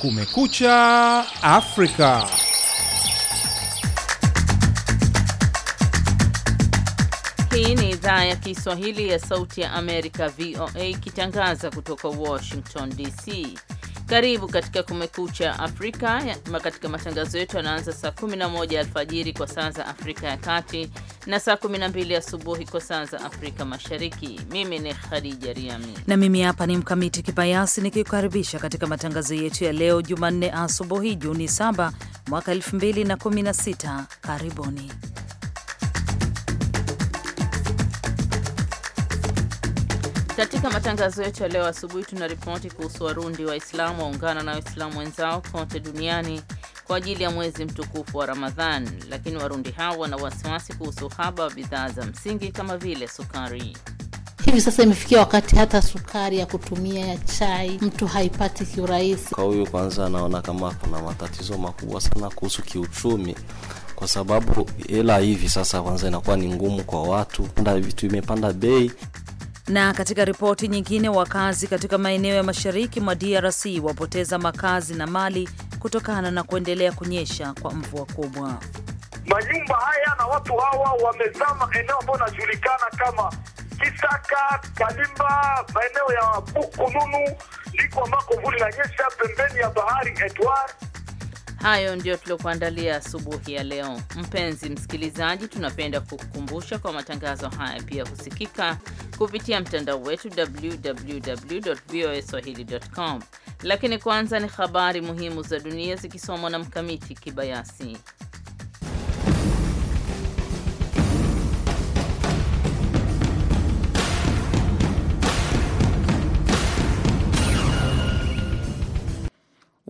Kumekucha Afrika. Hii ni idhaa ya Kiswahili ya Sauti ya Amerika, VOA, ikitangaza kutoka Washington DC. Karibu katika Kumekucha Afrika. Katika matangazo yetu yanaanza saa 11 alfajiri kwa saa za Afrika ya Kati na saa 12 asubuhi kwa saa za Afrika Mashariki. Mimi ni Khadija Riami na mimi hapa ni Mkamiti Kibayasi nikikukaribisha katika matangazo yetu ya leo Jumanne asubuhi, Juni 7 mwaka 2016. Karibuni. Katika matangazo yetu ya leo asubuhi tuna ripoti kuhusu Warundi Waislamu waungana na Waislamu wenzao kote duniani kwa ajili ya mwezi mtukufu wa Ramadhan, lakini Warundi hao wana wasiwasi kuhusu uhaba wa bidhaa za msingi kama vile sukari. Hivi sasa imefikia wakati hata sukari ya kutumia ya chai mtu haipati kiurahisi. Kwa huyu kwanza, anaona kama kuna matatizo makubwa sana kuhusu kiuchumi, kwa sababu hela hivi sasa kwanza inakuwa ni ngumu kwa watu, vitu imepanda bei. Na katika ripoti nyingine, wakazi katika maeneo ya mashariki mwa DRC wapoteza makazi na mali kutokana na kuendelea kunyesha kwa mvua kubwa. Manyumba haya na watu hawa wamezama eneo ambayo inajulikana kama Kisaka Kalimba, maeneo ya Bukununu, ndiko ambako vuli la nyesha pembeni ya bahari Edward Hayo ndiyo tuliokuandalia asubuhi ya leo. Mpenzi msikilizaji, tunapenda kukukumbusha kwa matangazo haya pia husikika kupitia mtandao wetu www voa swahilicom. Lakini kwanza ni habari muhimu za dunia zikisomwa na Mkamiti Kibayasi.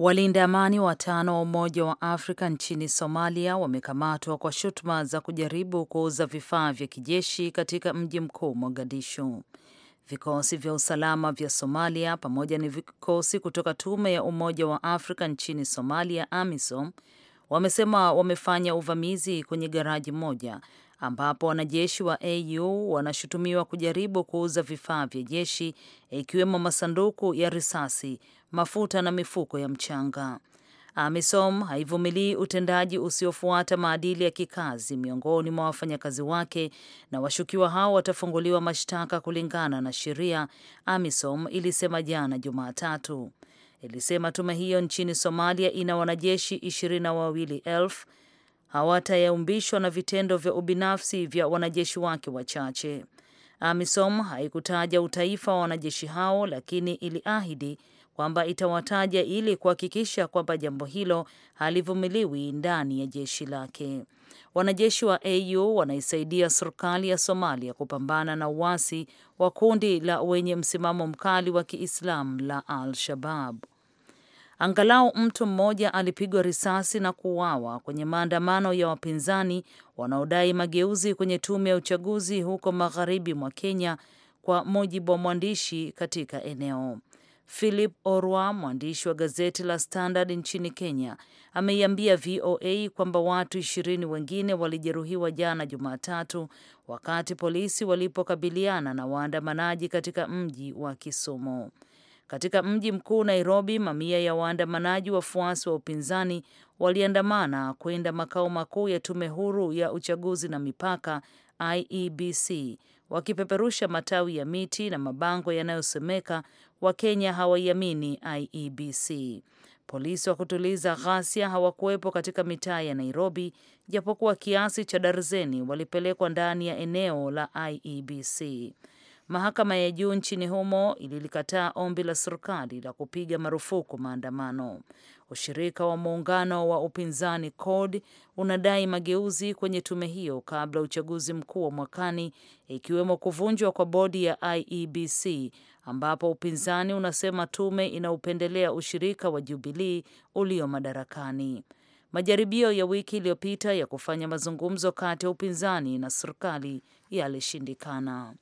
Walinda amani watano wa Umoja wa Afrika nchini Somalia wamekamatwa kwa shutuma za kujaribu kuuza vifaa vya kijeshi katika mji mkuu Mogadishu. Vikosi vya usalama vya Somalia pamoja na vikosi kutoka tume ya Umoja wa Afrika nchini Somalia, AMISOM, wamesema wamefanya uvamizi kwenye garaji moja ambapo wanajeshi wa AU wanashutumiwa kujaribu kuuza vifaa vya jeshi ikiwemo masanduku ya risasi, mafuta na mifuko ya mchanga. AMISOM haivumilii utendaji usiofuata maadili ya kikazi miongoni mwa wafanyakazi wake, na washukiwa hao watafunguliwa mashtaka kulingana na sheria, AMISOM ilisema jana Jumatatu. Ilisema tume hiyo nchini Somalia ina wanajeshi ishirini na wawili elfu na vitendo vya ubinafsi vya wanajeshi wake wachache. AMISOM haikutaja utaifa wa wanajeshi hao, lakini iliahidi kwamba itawataja ili kuhakikisha kwamba jambo hilo halivumiliwi ndani ya jeshi lake. Wanajeshi wa AU wanaisaidia serikali ya Somalia kupambana na uasi wa kundi la wenye msimamo mkali wa Kiislamu la Al-Shabab. Angalau mtu mmoja alipigwa risasi na kuuawa kwenye maandamano ya wapinzani wanaodai mageuzi kwenye tume ya uchaguzi huko magharibi mwa Kenya, kwa mujibu wa mwandishi katika eneo. Philip Orwa, mwandishi wa gazeti la Standard nchini Kenya, ameiambia VOA kwamba watu ishirini wengine walijeruhiwa jana Jumatatu wakati polisi walipokabiliana na waandamanaji katika mji wa Kisumu. Katika mji mkuu Nairobi, mamia ya waandamanaji wafuasi wa upinzani waliandamana kwenda makao makuu ya tume huru ya uchaguzi na mipaka IEBC wakipeperusha matawi ya miti na mabango yanayosemeka Wakenya hawaiamini IEBC. Polisi wa kutuliza ghasia hawakuwepo katika mitaa ya Nairobi, japokuwa kiasi cha darzeni walipelekwa ndani ya eneo la IEBC. Mahakama ya juu nchini humo ililikataa ombi la serikali la kupiga marufuku maandamano. Ushirika wa muungano wa upinzani CORD unadai mageuzi kwenye tume hiyo kabla uchaguzi mkuu wa mwakani, ikiwemo kuvunjwa kwa bodi ya IEBC, ambapo upinzani unasema tume inaupendelea ushirika wa Jubilee ulio madarakani. Majaribio ya wiki iliyopita ya kufanya mazungumzo kati ya upinzani na serikali yalishindikana.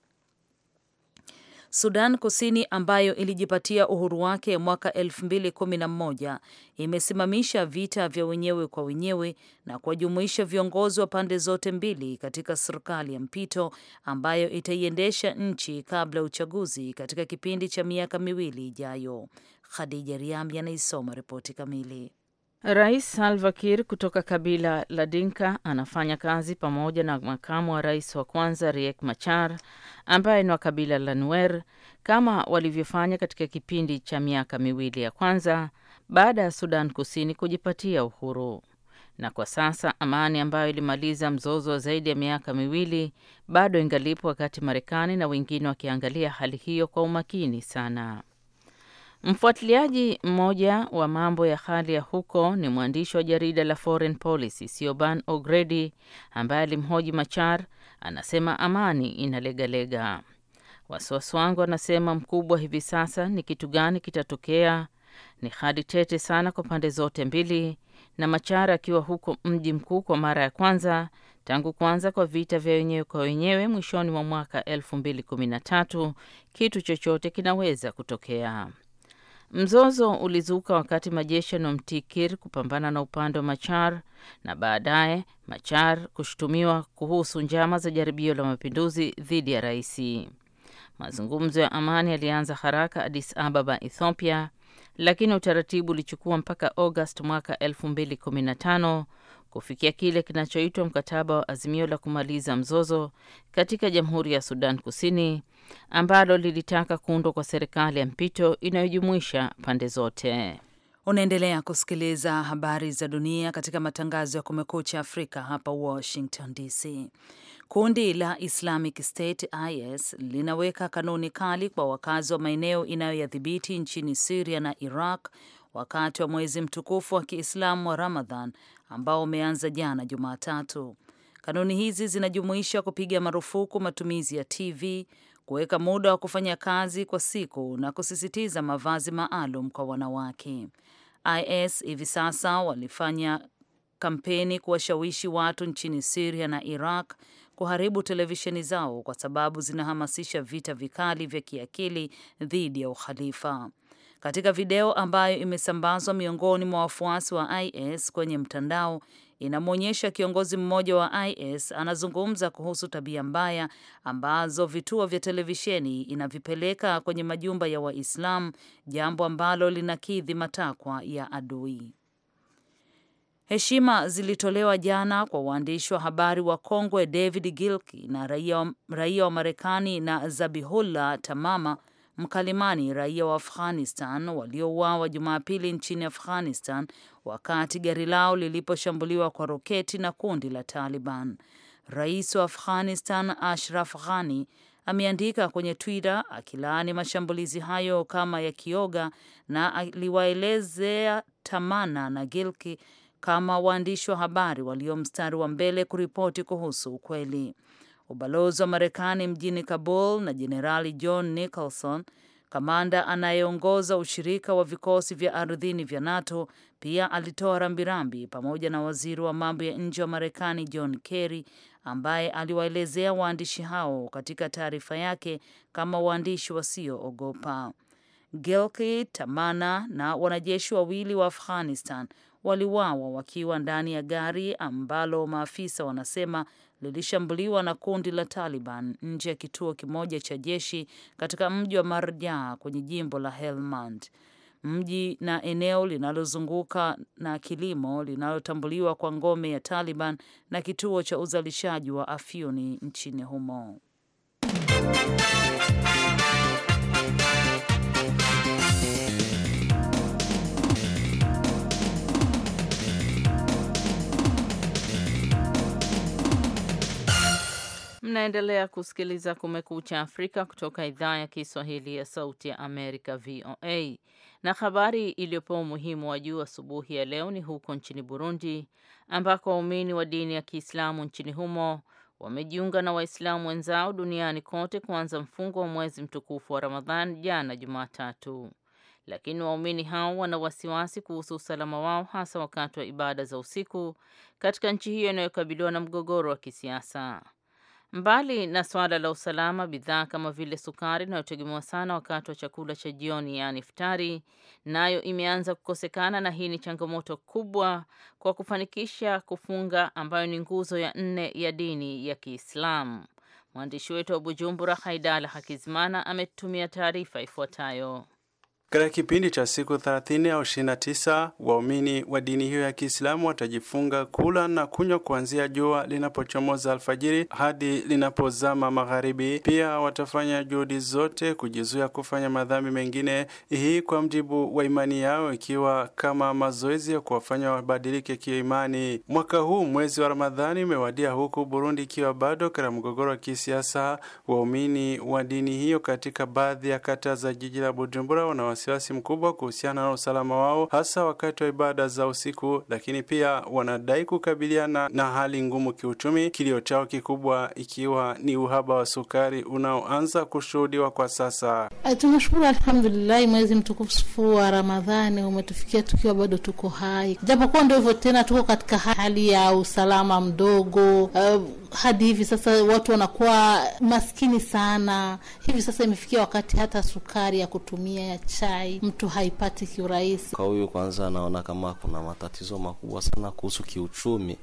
Sudan Kusini ambayo ilijipatia uhuru wake mwaka 2011 imesimamisha vita vya wenyewe kwa wenyewe na kuwajumuisha viongozi wa pande zote mbili katika serikali ya mpito ambayo itaiendesha nchi kabla ya uchaguzi katika kipindi cha miaka miwili ijayo. Khadija Riami anaisoma ripoti kamili. Rais Salva Kiir kutoka kabila la Dinka anafanya kazi pamoja na makamu wa rais wa kwanza Riek Machar ambaye ni wa kabila la Nuer kama walivyofanya katika kipindi cha miaka miwili ya kwanza baada ya Sudan Kusini kujipatia uhuru. Na kwa sasa amani ambayo ilimaliza mzozo wa zaidi ya miaka miwili bado ingalipo, wakati Marekani na wengine wakiangalia hali hiyo kwa umakini sana. Mfuatiliaji mmoja wa mambo ya hali ya huko ni mwandishi wa jarida la Foreign Policy sioban O'Grady ambaye alimhoji Machar, anasema amani inalegalega. Wasiwasi wangu, anasema mkubwa hivi sasa ni kitu gani kitatokea. Ni hali tete sana kwa pande zote mbili, na Machar akiwa huko mji mkuu kwa mara ya kwanza tangu kuanza kwa vita vya wenyewe kwa wenyewe mwishoni mwa mwaka 2013 kitu chochote kinaweza kutokea. Mzozo ulizuka wakati majeshi yanomtii Kir kupambana na upande wa Machar na baadaye Machar kushutumiwa kuhusu njama za jaribio la mapinduzi dhidi ya raisi. Mazungumzo ya amani yalianza haraka Addis Ababa, Ethiopia, lakini utaratibu ulichukua mpaka Agosti mwaka 2015 kufikia kile kinachoitwa mkataba wa azimio la kumaliza mzozo katika Jamhuri ya Sudan Kusini ambalo lilitaka kuundwa kwa serikali ya mpito inayojumuisha pande zote. Unaendelea kusikiliza habari za dunia katika matangazo ya Kumekucha Afrika hapa Washington DC. Kundi la Islamic State IS linaweka kanuni kali kwa wakazi wa maeneo inayoyadhibiti nchini Siria na Iraq wakati wa mwezi mtukufu wa Kiislamu wa Ramadhan ambao umeanza jana Jumatatu. Kanuni hizi zinajumuisha kupiga marufuku matumizi ya TV, kuweka muda wa kufanya kazi kwa siku na kusisitiza mavazi maalum kwa wanawake. IS hivi sasa walifanya kampeni kuwashawishi watu nchini siria na Iraq kuharibu televisheni zao kwa sababu zinahamasisha vita vikali vya kiakili dhidi ya ukhalifa. Katika video ambayo imesambazwa miongoni mwa wafuasi wa IS kwenye mtandao inamwonyesha kiongozi mmoja wa IS anazungumza kuhusu tabia mbaya ambazo vituo vya televisheni inavipeleka kwenye majumba ya Waislamu, jambo ambalo linakidhi matakwa ya adui. Heshima zilitolewa jana kwa waandishi wa habari wa kongwe David Gilkey na raia wa Marekani na Zabihullah Tamama mkalimani raia wa Afghanistan waliouawa Jumapili nchini Afghanistan wakati gari lao liliposhambuliwa kwa roketi na kundi la Taliban. Rais wa Afghanistan Ashraf Ghani ameandika kwenye Twitter akilaani mashambulizi hayo kama ya kioga na aliwaelezea Tamana na Gilki kama waandishi wa habari walio mstari wa mbele kuripoti kuhusu ukweli. Ubalozi wa Marekani mjini Kabul na Jenerali John Nicholson, kamanda anayeongoza ushirika wa vikosi vya ardhini vya NATO, pia alitoa rambirambi pamoja na waziri wa mambo ya nje wa Marekani John Kerry ambaye aliwaelezea waandishi hao katika taarifa yake kama waandishi wasioogopa. Gilki Tamana na wanajeshi wawili wa Afghanistan waliwawa wakiwa ndani ya gari ambalo maafisa wanasema lilishambuliwa na kundi la Taliban nje ya kituo kimoja cha jeshi katika mji wa Marja kwenye jimbo la Helmand. Mji na eneo linalozunguka na kilimo linalotambuliwa kwa ngome ya Taliban na kituo cha uzalishaji wa afyuni nchini humo. Mnaendelea kusikiliza Kumekucha Afrika kutoka idhaa ya Kiswahili ya Sauti ya Amerika, VOA. Na habari iliyopewa umuhimu wa juu asubuhi ya leo ni huko nchini Burundi, ambako waumini wa dini ya Kiislamu nchini humo wamejiunga na Waislamu wenzao duniani kote kuanza mfungo wa mwezi mtukufu wa Ramadhan jana Jumatatu, lakini waumini hao wana wasiwasi kuhusu usalama wao, hasa wakati wa ibada za usiku katika nchi hiyo inayokabiliwa na mgogoro wa kisiasa. Mbali na suala la usalama, bidhaa kama vile sukari inayotegemewa sana wakati wa chakula cha jioni, yaani iftari, nayo imeanza kukosekana, na hii ni changamoto kubwa kwa kufanikisha kufunga, ambayo ni nguzo ya nne ya dini ya Kiislamu. Mwandishi wetu wa Bujumbura, Haidala Hakizimana, ametumia taarifa ifuatayo. Katika kipindi cha siku 30 au 29 waumini wa dini hiyo ya Kiislamu watajifunga kula na kunywa kuanzia jua linapochomoza alfajiri hadi linapozama magharibi. Pia watafanya juhudi zote kujizuia kufanya madhambi mengine, hii kwa mjibu wa imani yao, ikiwa kama mazoezi ya kuwafanya wabadilike kiimani. Mwaka huu mwezi wa Ramadhani umewadia huku Burundi ikiwa bado katika mgogoro wa kisiasa. Waumini wa dini hiyo katika baadhi ya kata za jiji la Bujumbura wana wasiwasi mkubwa kuhusiana na usalama wao hasa wakati wa ibada za usiku, lakini pia wanadai kukabiliana na hali ngumu kiuchumi, kilio chao kikubwa ikiwa ni uhaba wa sukari unaoanza kushuhudiwa kwa sasa. Tunashukuru alhamdulillahi, mwezi mtukufu wa Ramadhani umetufikia tukiwa bado tuko hai, japokuwa ndio hivyo tena, tuko katika hali ya usalama mdogo. Uh, hadi hivi sasa watu wanakuwa maskini sana. Hivi sasa imefikia wakati hata sukari ya kutumia ya cha chai mtu haipati kiurahisi. Kwa huyu kwanza, anaona kama kuna matatizo makubwa sana kuhusu kiuchumi,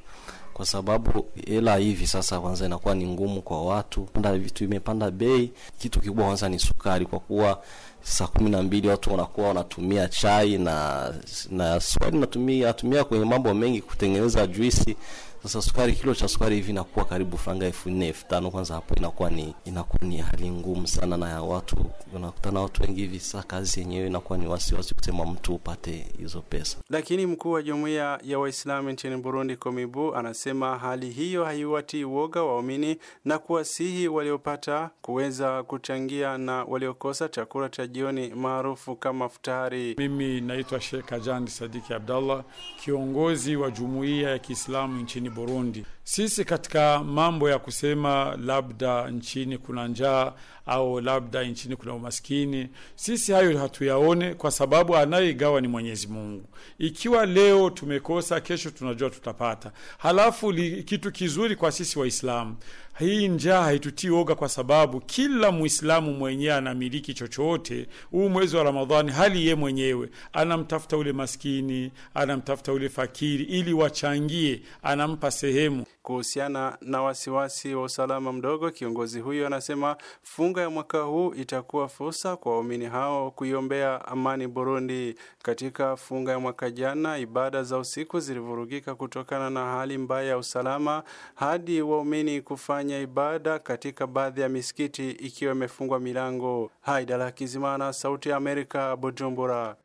kwa sababu hela hivi sasa kwanza inakuwa ni ngumu kwa watu, na vitu imepanda bei. Kitu kikubwa kwanza ni sukari, kwa kuwa saa kumi na mbili watu wanakuwa wanatumia chai na na sukari, natumia atumia kwenye mambo mengi kutengeneza juisi sasa sukari, kilo cha sukari hivi inakuwa karibu franga elfu nne elfu tano Kwanza hapo inakuwa ni inakuwa ni hali ngumu sana, na ya watu unakutana watu wengi hivi. Sasa kazi yenyewe inakuwa ni wasiwasi kusema mtu upate hizo pesa. Lakini mkuu wa jumuiya ya Waislamu nchini Burundi, Komibu, anasema hali hiyo haiwatii uoga waumini na kuwasihi waliopata kuweza kuchangia na waliokosa chakula cha jioni maarufu kama futari. Mimi naitwa Sheikh Kajani Sadiki Abdallah, kiongozi wa jumuiya ya Kiislamu nchini Burundi. Sisi katika mambo ya kusema labda nchini kuna njaa au labda nchini kuna umaskini. Sisi hayo hatuyaone, kwa sababu anayeigawa ni Mwenyezi Mungu. Ikiwa leo tumekosa, kesho tunajua tutapata. Halafu li, kitu kizuri kwa sisi Waislamu, hii njaa haitutii oga, kwa sababu kila Muislamu mwenyewe anamiliki chochote. Huu mwezi wa Ramadhani, hali ye mwenyewe anamtafuta ule maskini, anamtafuta ule fakiri ili wachangie, anampa sehemu Kuhusiana na wasiwasi wa usalama mdogo, kiongozi huyo anasema funga ya mwaka huu itakuwa fursa kwa waumini hao kuiombea amani Burundi. Katika funga ya mwaka jana, ibada za usiku zilivurugika kutokana na hali mbaya ya usalama hadi waumini kufanya ibada katika baadhi ya misikiti ikiwa imefungwa milango. Haidala Kizimana, Sauti ya Amerika, Bujumbura.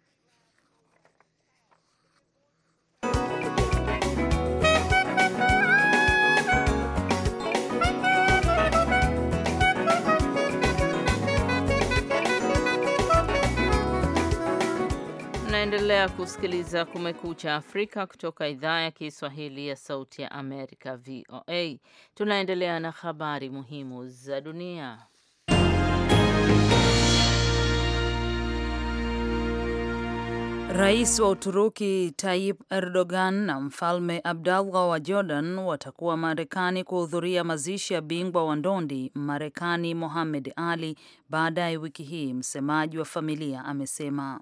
Unaendelea kusikiliza Kumekucha Afrika kutoka idhaa ya Kiswahili ya Sauti ya Amerika, VOA. Tunaendelea na habari muhimu za dunia. Rais wa Uturuki Tayyip Erdogan na mfalme Abdallah wa Jordan watakuwa Marekani kuhudhuria mazishi ya bingwa wa ndondi Marekani Mohamed Ali baadaye wiki hii, msemaji wa familia amesema.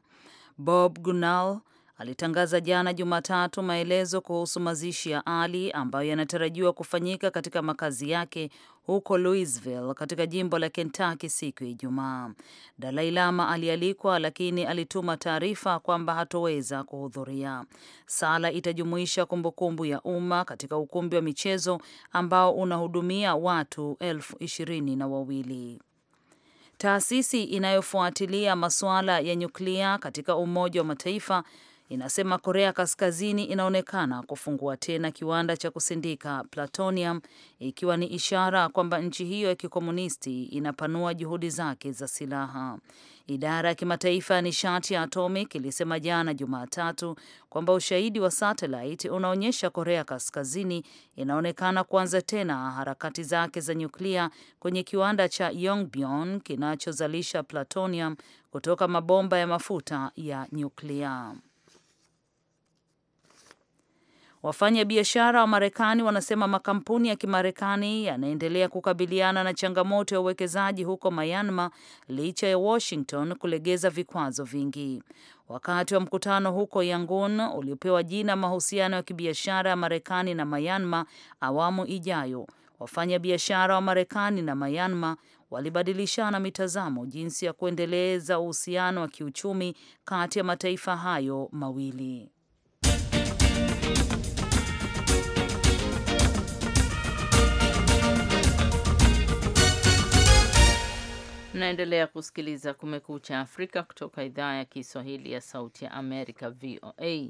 Bob Gunal alitangaza jana Jumatatu maelezo kuhusu mazishi ya Ali ambayo yanatarajiwa kufanyika katika makazi yake huko Louisville katika jimbo la Kentucky siku ya Ijumaa. Dalai Lama alialikwa lakini alituma taarifa kwamba hatoweza kuhudhuria. Sala itajumuisha kumbukumbu ya umma katika ukumbi wa michezo ambao unahudumia watu elfu ishirini na wawili. Taasisi inayofuatilia masuala ya nyuklia katika Umoja wa Mataifa inasema Korea Kaskazini inaonekana kufungua tena kiwanda cha kusindika plutonium, ikiwa ni ishara kwamba nchi hiyo ya kikomunisti inapanua juhudi zake za silaha. Idara ya kimataifa ya nishati ya atomic ilisema jana Jumatatu kwamba ushahidi wa satellite unaonyesha Korea Kaskazini inaonekana kuanza tena harakati zake za nyuklia kwenye kiwanda cha Yongbyon kinachozalisha plutonium kutoka mabomba ya mafuta ya nyuklia. Wafanya biashara wa Marekani wanasema makampuni ya Kimarekani yanaendelea kukabiliana na changamoto ya uwekezaji huko Myanmar licha ya Washington kulegeza vikwazo vingi. Wakati wa mkutano huko Yangon uliopewa jina mahusiano ya kibiashara ya Marekani na Myanmar awamu ijayo, wafanya biashara wa Marekani na Myanmar walibadilishana mitazamo jinsi ya kuendeleza uhusiano wa kiuchumi kati ya mataifa hayo mawili. Mnaendelea kusikiliza Kumekucha Afrika kutoka idhaa ya Kiswahili ya Sauti ya Amerika, VOA.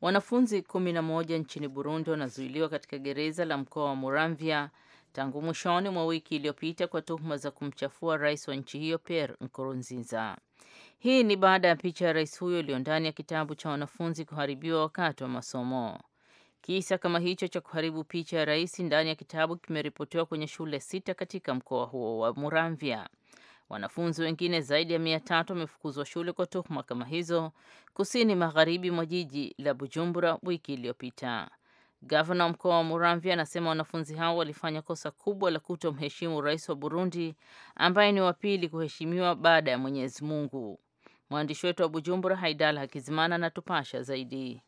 Wanafunzi kumi na moja nchini Burundi wanazuiliwa katika gereza la mkoa wa Muramvya tangu mwishoni mwa wiki iliyopita kwa tuhuma za kumchafua rais wa nchi hiyo Pierre Nkurunziza. Hii ni baada ya picha ya rais huyo iliyo ndani ya kitabu cha wanafunzi kuharibiwa wakati wa masomo. Kisa kama hicho cha kuharibu picha ya rais ndani ya kitabu kimeripotiwa kwenye shule sita katika mkoa huo wa Muramvya. Wanafunzi wengine zaidi ya mia tatu wamefukuzwa shule kwa tuhuma kama hizo kusini magharibi mwa jiji la Bujumbura wiki iliyopita. Gavana wa mkoa wa muramvi anasema wanafunzi hao walifanya kosa kubwa la kutomheshimu rais wa Burundi ambaye ni wa pili kuheshimiwa baada ya Mwenyezi Mungu. Mwandishi wetu wa Bujumbura Haidala Hakizimana anatupasha zaidi.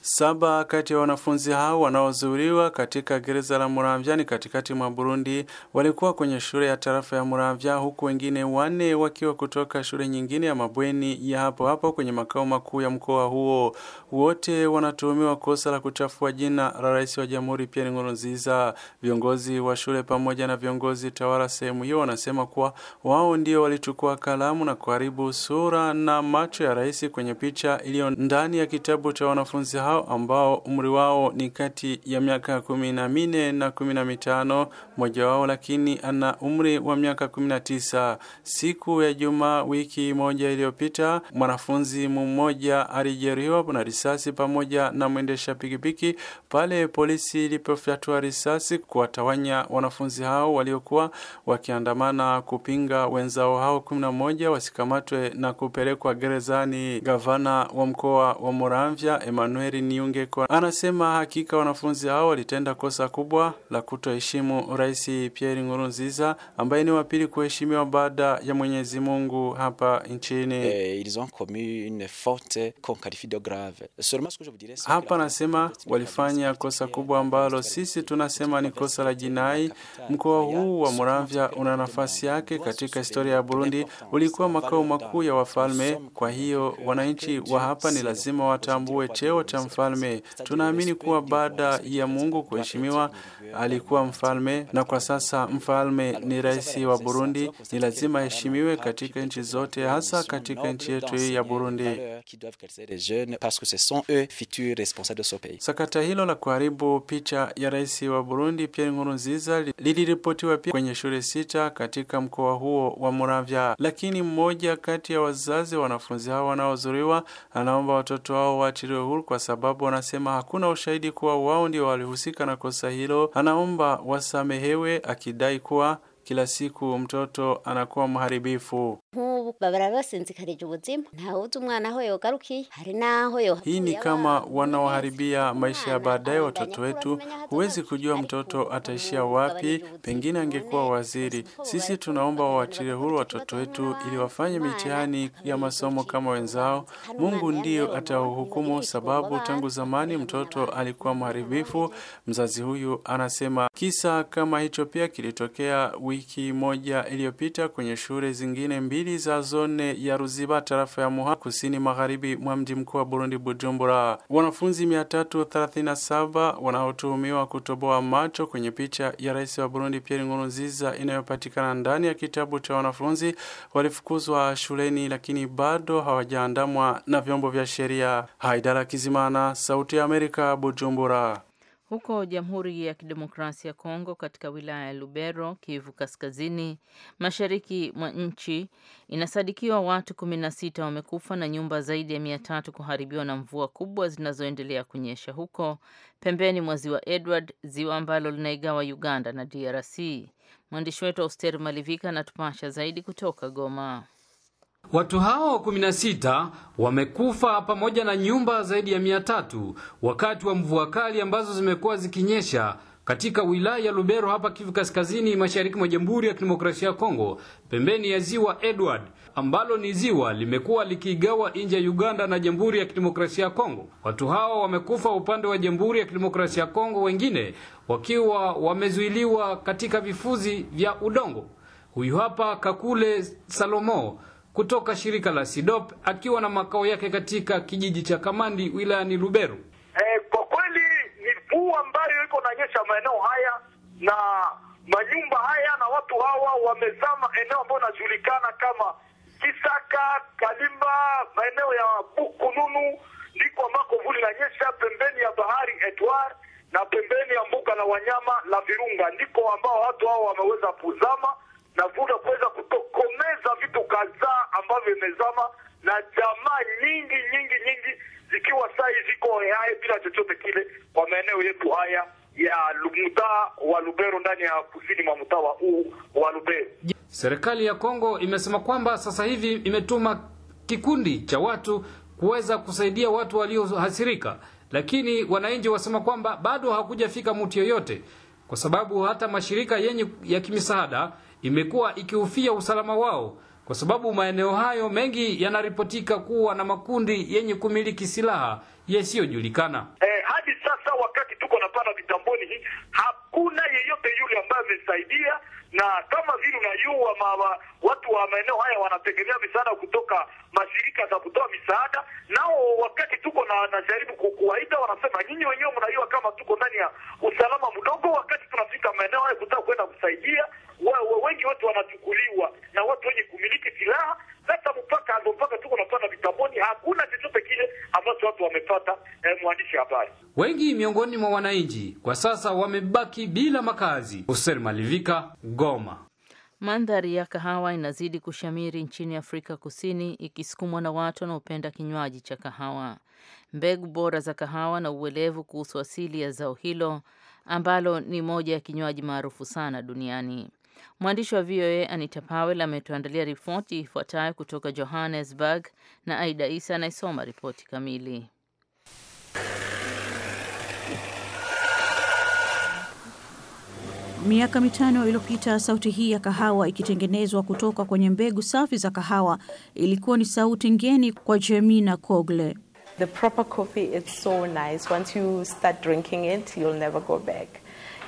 Saba kati ya wanafunzi hao wanaozuiliwa katika gereza la Muramvya ni katikati mwa Burundi walikuwa kwenye shule ya tarafa ya Muramvya, huku wengine wanne wakiwa kutoka shule nyingine ya mabweni ya hapo hapo kwenye makao makuu ya mkoa huo. Wote wanatuhumiwa kosa la kuchafua jina la rais wa jamhuri Pierre Nkurunziza. Viongozi wa shule pamoja na viongozi tawala sehemu hiyo wanasema kuwa wao ndio walichukua kalamu na kuharibu sura na macho ya rais kwenye picha iliyo ndani ya kitabu cha wanafunzi wanafunzi hao ambao umri wao ni kati ya miaka kumi na minne na kumi na mitano mmoja wao lakini ana umri wa miaka kumi na tisa siku ya juma wiki moja iliyopita mwanafunzi mmoja alijeruhiwa na risasi pamoja na mwendesha pikipiki pale polisi ilipofyatua risasi kuwatawanya wanafunzi hao waliokuwa wakiandamana kupinga wenzao hao kumi na mmoja wasikamatwe na kupelekwa gerezani gavana wa mkoa wa Moravia Emmanuel Manueli Niungekwa anasema hakika wanafunzi hao walitenda kosa kubwa la kutoheshimu Rais Pierre Nkurunziza ambaye ni wa pili kuheshimiwa baada ya Mwenyezi Mungu hapa nchini. Eh, hapa nasema walifanya kosa kubwa ambalo sisi tunasema ni kosa la jinai. Mkoa huu wa Moravia una nafasi yake katika historia ya Burundi, ulikuwa makao makuu ya wafalme. Kwa hiyo wananchi wa hapa ni lazima watambue cheo cha mfalme. Tunaamini kuwa baada ya Mungu kuheshimiwa, alikuwa mfalme na kwa sasa mfalme ni rais wa Burundi, ni lazima aheshimiwe katika nchi zote, hasa katika nchi yetu hii ya Burundi. Sakata hilo la kuharibu picha ya rais wa Burundi Pierre Nkurunziza liliripotiwa pia kwenye shule sita katika mkoa huo wa muravya lakini mmoja kati ya wazazi wanafunzi hao wanaozuriwa anaomba watoto wao waachiliwe huru kwa kwa sababu anasema hakuna ushahidi kuwa wao ndio walihusika na kosa hilo. Anaomba wasamehewe akidai kuwa kila siku mtoto anakuwa mharibifu. Hii ni kama wanaoharibia maisha ya baadaye watoto wetu. Huwezi kujua mtoto ataishia wapi, pengine angekuwa waziri. Sisi tunaomba waachilie huru watoto wetu ili wafanye mitihani ya masomo kama wenzao. Mungu ndiyo atahukumu, sababu tangu zamani mtoto alikuwa mharibifu. Mzazi huyu anasema kisa kama hicho pia kilitokea wiki wiki moja iliyopita kwenye shule zingine mbili za zone ya Ruziba tarafa ya muha kusini magharibi mwa mji mkuu wa Burundi Bujumbura. Wanafunzi 337 wanaotuhumiwa kutoboa macho kwenye picha ya rais wa Burundi Pierre Nkurunziza inayopatikana ndani ya kitabu cha wanafunzi walifukuzwa shuleni, lakini bado hawajaandamwa na vyombo vya sheria. Haidara Kizimana, Sauti ya Amerika, Bujumbura. Huko Jamhuri ya Kidemokrasia ya Kongo, katika wilaya ya Lubero, Kivu Kaskazini, mashariki mwa nchi, inasadikiwa watu kumi na sita wamekufa na nyumba zaidi ya mia tatu kuharibiwa na mvua kubwa zinazoendelea kunyesha huko pembeni mwa ziwa Edward, ziwa ambalo linaigawa Uganda na DRC. Mwandishi wetu Auster Malivika anatupasha zaidi kutoka Goma. Watu hao 16 wamekufa pamoja na nyumba zaidi ya mia tatu wakati wa mvua kali ambazo zimekuwa zikinyesha katika wilaya ya Lubero hapa Kivu Kaskazini, mashariki mwa Jamhuri ya Kidemokrasia ya Kongo, pembeni ya ziwa Edward ambalo ni ziwa limekuwa likiigawa nje ya Uganda na Jamhuri ya Kidemokrasia ya Kongo. Watu hao wamekufa upande wa Jamhuri ya Kidemokrasia ya Kongo, wengine wakiwa wamezuiliwa katika vifuzi vya udongo. Huyu hapa Kakule Salomo kutoka shirika la SIDOP akiwa na makao yake katika kijiji cha Kamandi wilayani luberu Eh, kwa kweli ni mvua ambayo iko nanyesha maeneo haya na manyumba haya na watu hawa wamezama eneo ambayo inajulikana kama Kisaka Kalimba, maeneo ya Bukununu ndiko ambako vuli nanyesha pembeni ya bahari Edward na pembeni ya mbuga la wanyama la Virunga, ndiko ambao watu hao wameweza kuzama na kuweza kutokomeza vitu kadhaa ambavyo imezama na jamaa nyingi nyingi nyingi zikiwa sai ziko hai bila chochote kile kwa maeneo yetu haya ya mtaa wa Lubero ndani ya kusini mwa mtaa huu wa Lubero. Serikali ya Kongo imesema kwamba sasa hivi imetuma kikundi cha watu kuweza kusaidia watu waliohasirika, lakini wananchi wasema kwamba bado hakujafika mtu yoyote, kwa sababu hata mashirika yenye ya kimisaada imekuwa ikihofia usalama wao kwa sababu maeneo hayo mengi yanaripotika kuwa na makundi yenye kumiliki silaha yasiyojulikana. Eh, hadi sasa wakati tuko pana vitamboni hii, hakuna yeyote yule ambaye amesaidia, na kama vile unajua watu wa maeneo haya wanategemea misaada kutoka mashirika za kutoa misaada, nao wakati tuko na najaribu kuwaita, wanasema nyinyi wenyewe mnajua kama tuko ndani ya usalama mdogo, wakati tunafika maeneo haya kutaka kwenda kusaidia wa, wengi wote wanachukuliwa na watu wenye kumiliki silaha. hata mpaka ndo mpaka tuko napata vitamboni, hakuna chochote kile ambacho watu wamepata. Eh, mwandishi habari, wengi miongoni mwa wananchi kwa sasa wamebaki bila makazi. Hussein Malivika, Goma. Mandhari ya kahawa inazidi kushamiri nchini Afrika Kusini ikisukumwa na watu wanaopenda kinywaji cha kahawa. Mbegu bora za kahawa na uelevu kuhusu asili ya zao hilo ambalo ni moja ya kinywaji maarufu sana duniani. Mwandishi wa VOA Anita Powell ametuandalia ripoti ifuatayo kutoka Johannesburg na Aida Isa anayesoma ripoti kamili. Miaka mitano iliyopita sauti hii ya kahawa ikitengenezwa kutoka kwenye mbegu safi za kahawa ilikuwa ni sauti ngeni kwa Jemina Cogle. The proper coffee is so nice. Once you start drinking it, you'll never go back.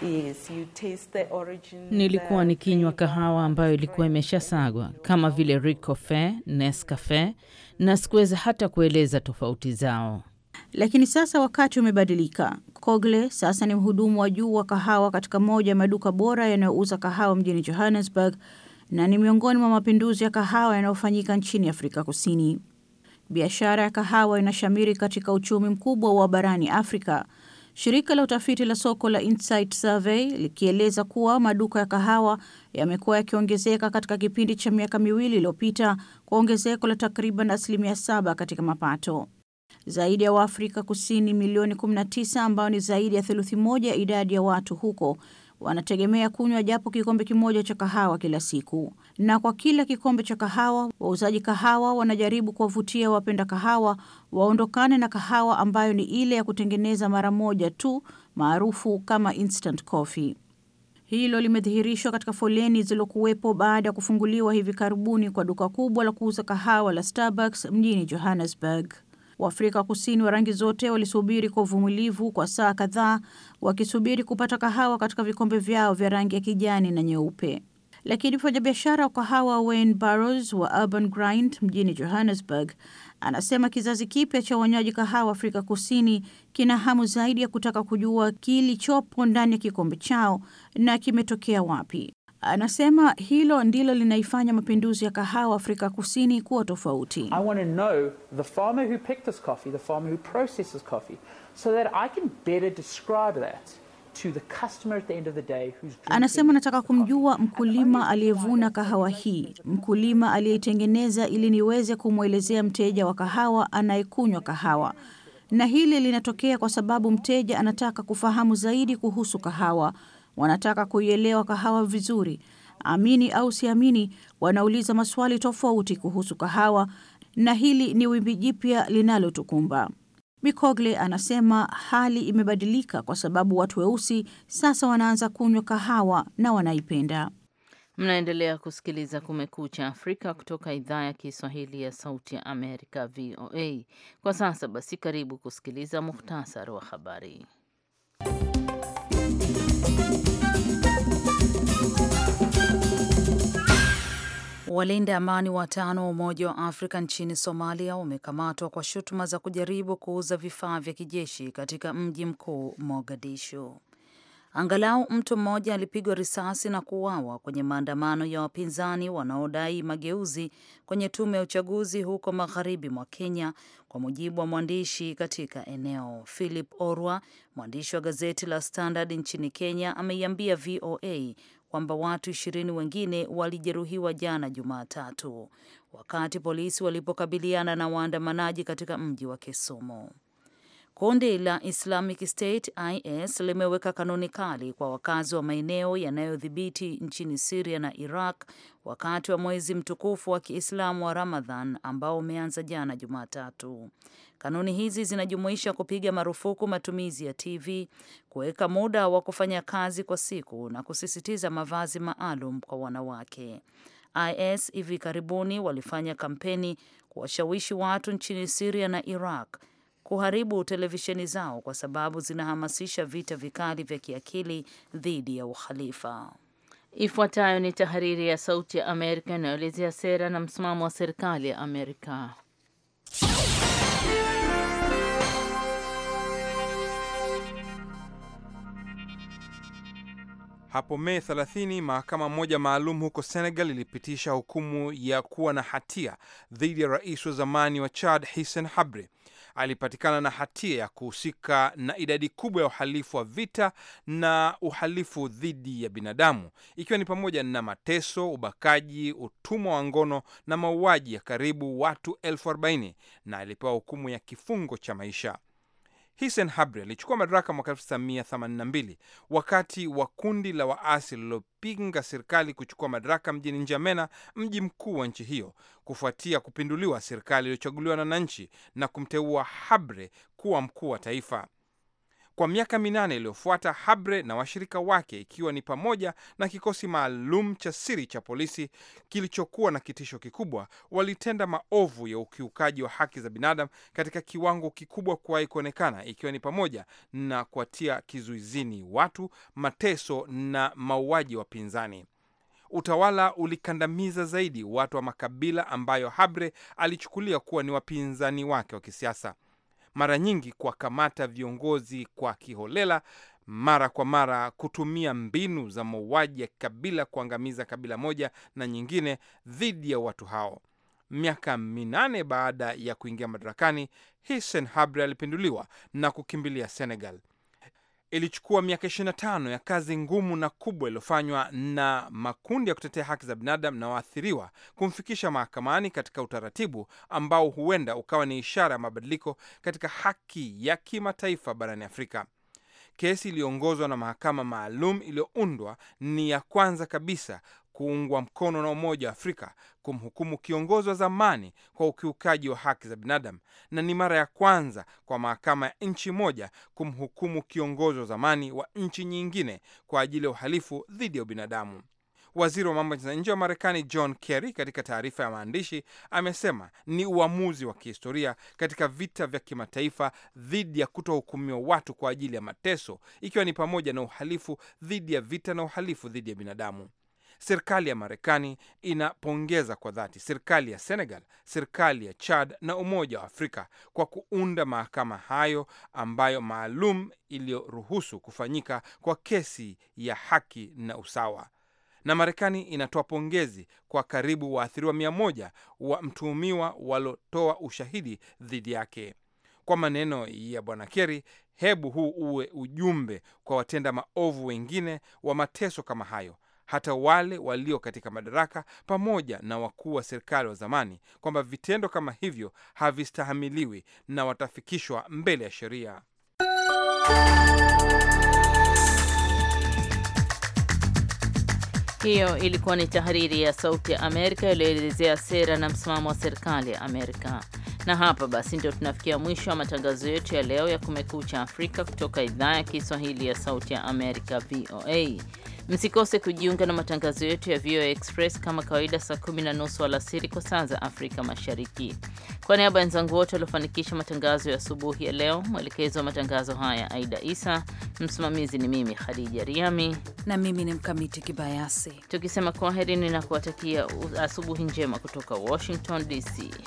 Yes, you taste the origin. Nilikuwa nikinywa kahawa ambayo ilikuwa imeshasagwa kama vile Ricofe, Nescafe na sikuweza hata kueleza tofauti zao. Lakini sasa wakati umebadilika. Kogle sasa ni mhudumu wa juu wa kahawa katika moja ya maduka bora yanayouza kahawa mjini Johannesburg na ni miongoni mwa mapinduzi ya kahawa yanayofanyika nchini Afrika Kusini. Biashara ya kahawa inashamiri katika uchumi mkubwa wa barani Afrika Shirika la utafiti la soko la Insight Survey likieleza kuwa maduka ya kahawa yamekuwa yakiongezeka katika kipindi cha miaka miwili iliyopita kwa ongezeko la takriban asilimia saba katika mapato. Zaidi ya Waafrika Kusini milioni 19 ambao ni zaidi ya theluthi moja idadi ya watu huko wanategemea kunywa japo kikombe kimoja cha kahawa kila siku, na kwa kila kikombe cha kahawa, wauzaji kahawa wanajaribu kuwavutia wapenda kahawa waondokane na kahawa ambayo ni ile ya kutengeneza mara moja tu maarufu kama instant coffee. Hilo limedhihirishwa katika foleni zilizokuwepo baada ya kufunguliwa hivi karibuni kwa duka kubwa la kuuza kahawa la Starbucks mjini Johannesburg. Waafrika Kusini wa rangi zote walisubiri kwa uvumilivu kwa saa kadhaa, wakisubiri kupata kahawa katika vikombe vyao vya rangi ya kijani na nyeupe. Lakini mfanyabiashara wa kahawa Wayne Barrows wa Urban Grind mjini Johannesburg anasema kizazi kipya cha wanywaji kahawa Afrika Kusini kina hamu zaidi ya kutaka kujua kilichopo ndani ya kikombe chao na kimetokea wapi. Anasema hilo ndilo linaifanya mapinduzi ya kahawa Afrika Kusini kuwa tofauti. Anasema nataka kumjua mkulima aliyevuna kahawa hii, mkulima aliyeitengeneza, ili niweze kumwelezea mteja wa kahawa anayekunywa kahawa. Na hili linatokea kwa sababu mteja anataka kufahamu zaidi kuhusu kahawa wanataka kuielewa kahawa vizuri. Amini au siamini, wanauliza maswali tofauti kuhusu kahawa, na hili ni wimbi jipya linalotukumba. Bikogle anasema hali imebadilika kwa sababu watu weusi sasa wanaanza kunywa kahawa na wanaipenda. Mnaendelea kusikiliza Kumekucha Afrika kutoka idhaa ya Kiswahili ya Sauti ya Amerika, VOA. Kwa sasa basi, karibu kusikiliza muhtasari wa habari. Walinda amani watano wa Umoja wa Afrika nchini Somalia wamekamatwa kwa shutuma za kujaribu kuuza vifaa vya kijeshi katika mji mkuu Mogadishu. Angalau mtu mmoja alipigwa risasi na kuuawa kwenye maandamano ya wapinzani wanaodai mageuzi kwenye tume ya uchaguzi huko magharibi mwa Kenya, kwa mujibu wa mwandishi katika eneo. Philip Orwa, mwandishi wa gazeti la Standard nchini Kenya, ameiambia VOA kwamba watu ishirini wengine walijeruhiwa jana Jumatatu wakati polisi walipokabiliana na waandamanaji katika mji wa Kisumu. Kundi la Islamic State IS limeweka kanuni kali kwa wakazi wa maeneo yanayodhibiti nchini Siria na Iraq wakati wa mwezi mtukufu wa Kiislamu wa Ramadhan ambao umeanza jana Jumatatu. Kanuni hizi zinajumuisha kupiga marufuku matumizi ya TV, kuweka muda wa kufanya kazi kwa siku na kusisitiza mavazi maalum kwa wanawake. IS hivi karibuni walifanya kampeni kuwashawishi watu nchini Siria na Iraq kuharibu televisheni zao kwa sababu zinahamasisha vita vikali vya kiakili dhidi ya ukhalifa. Ifuatayo ni tahariri ya Sauti ya Amerika inayoelezea sera na msimamo wa serikali ya Amerika. Hapo Mei 30 mahakama moja maalum huko Senegal ilipitisha hukumu ya kuwa na hatia dhidi ya rais wa zamani wa Chad Hissen Habre alipatikana na hatia ya kuhusika na idadi kubwa ya uhalifu wa vita na uhalifu dhidi ya binadamu, ikiwa ni pamoja na mateso, ubakaji, utumwa wa ngono na mauaji ya karibu watu elfu arobaini na alipewa hukumu ya kifungo cha maisha. Hisen Habre alichukua madaraka mwaka 1982 wakati wa kundi la waasi lililopinga serikali kuchukua madaraka mjini Njamena, mji mkuu wa nchi hiyo, kufuatia kupinduliwa serikali iliyochaguliwa na wananchi na kumteua Habre kuwa mkuu wa taifa. Kwa miaka minane iliyofuata, Habre na washirika wake, ikiwa ni pamoja na kikosi maalum cha siri cha polisi kilichokuwa na kitisho kikubwa, walitenda maovu ya ukiukaji wa haki za binadamu katika kiwango kikubwa kuwahi kuonekana, ikiwa ni pamoja na kuwatia kizuizini watu, mateso na mauaji wapinzani. Utawala ulikandamiza zaidi watu wa makabila ambayo Habre alichukulia kuwa ni wapinzani wake wa kisiasa mara nyingi kuwakamata viongozi kwa kiholela, mara kwa mara kutumia mbinu za mauaji ya kikabila kuangamiza kabila moja na nyingine dhidi ya watu hao. Miaka minane baada ya kuingia madarakani, Hissein Habre alipinduliwa na kukimbilia Senegal. Ilichukua miaka 25 ya kazi ngumu na kubwa iliyofanywa na makundi ya kutetea haki za binadamu na waathiriwa kumfikisha mahakamani katika utaratibu ambao huenda ukawa ni ishara ya mabadiliko katika haki ya kimataifa barani Afrika. Kesi iliyoongozwa na mahakama maalum iliyoundwa ni ya kwanza kabisa kuungwa mkono na Umoja wa Afrika kumhukumu kiongozi wa zamani kwa ukiukaji wa haki za binadamu, na ni mara ya kwanza kwa mahakama ya nchi moja kumhukumu kiongozi wa zamani wa nchi nyingine kwa ajili ya uhalifu dhidi ya ubinadamu. Waziri wa mambo ya nje wa Marekani John Kerry katika taarifa ya maandishi amesema ni uamuzi wa kihistoria katika vita vya kimataifa dhidi ya kutohukumiwa watu kwa ajili ya mateso, ikiwa ni pamoja na uhalifu dhidi ya vita na uhalifu dhidi ya binadamu. Serikali ya Marekani inapongeza kwa dhati serikali ya Senegal, serikali ya Chad na Umoja wa Afrika kwa kuunda mahakama hayo ambayo maalum iliyoruhusu kufanyika kwa kesi ya haki na usawa na Marekani inatoa pongezi kwa karibu waathiriwa mia moja wa mtuhumiwa walotoa ushahidi dhidi yake. Kwa maneno ya Bwana Kerry, hebu huu uwe ujumbe kwa watenda maovu wengine wa mateso kama hayo, hata wale walio katika madaraka pamoja na wakuu wa serikali wa zamani, kwamba vitendo kama hivyo havistahamiliwi na watafikishwa mbele ya sheria. Hiyo ilikuwa ni tahariri ya Sauti ya Amerika iliyoelezea sera na msimamo wa serikali ya Amerika. Na hapa basi ndio tunafikia mwisho wa matangazo yetu ya leo ya Kumekucha Afrika kutoka idhaa ya Kiswahili ya Sauti ya Amerika, VOA. Msikose kujiunga na matangazo yetu ya VOA Express kama kawaida, saa kumi na nusu alasiri kwa saa za Afrika Mashariki. Kwa niaba ya wenzangu wote waliofanikisha matangazo ya asubuhi ya leo, mwelekezo wa matangazo haya Aida Isa, msimamizi ni mimi Khadija Riami na mimi ni Mkamiti Kibayasi, tukisema kwaherini na kuwatakia asubuhi njema kutoka Washington DC.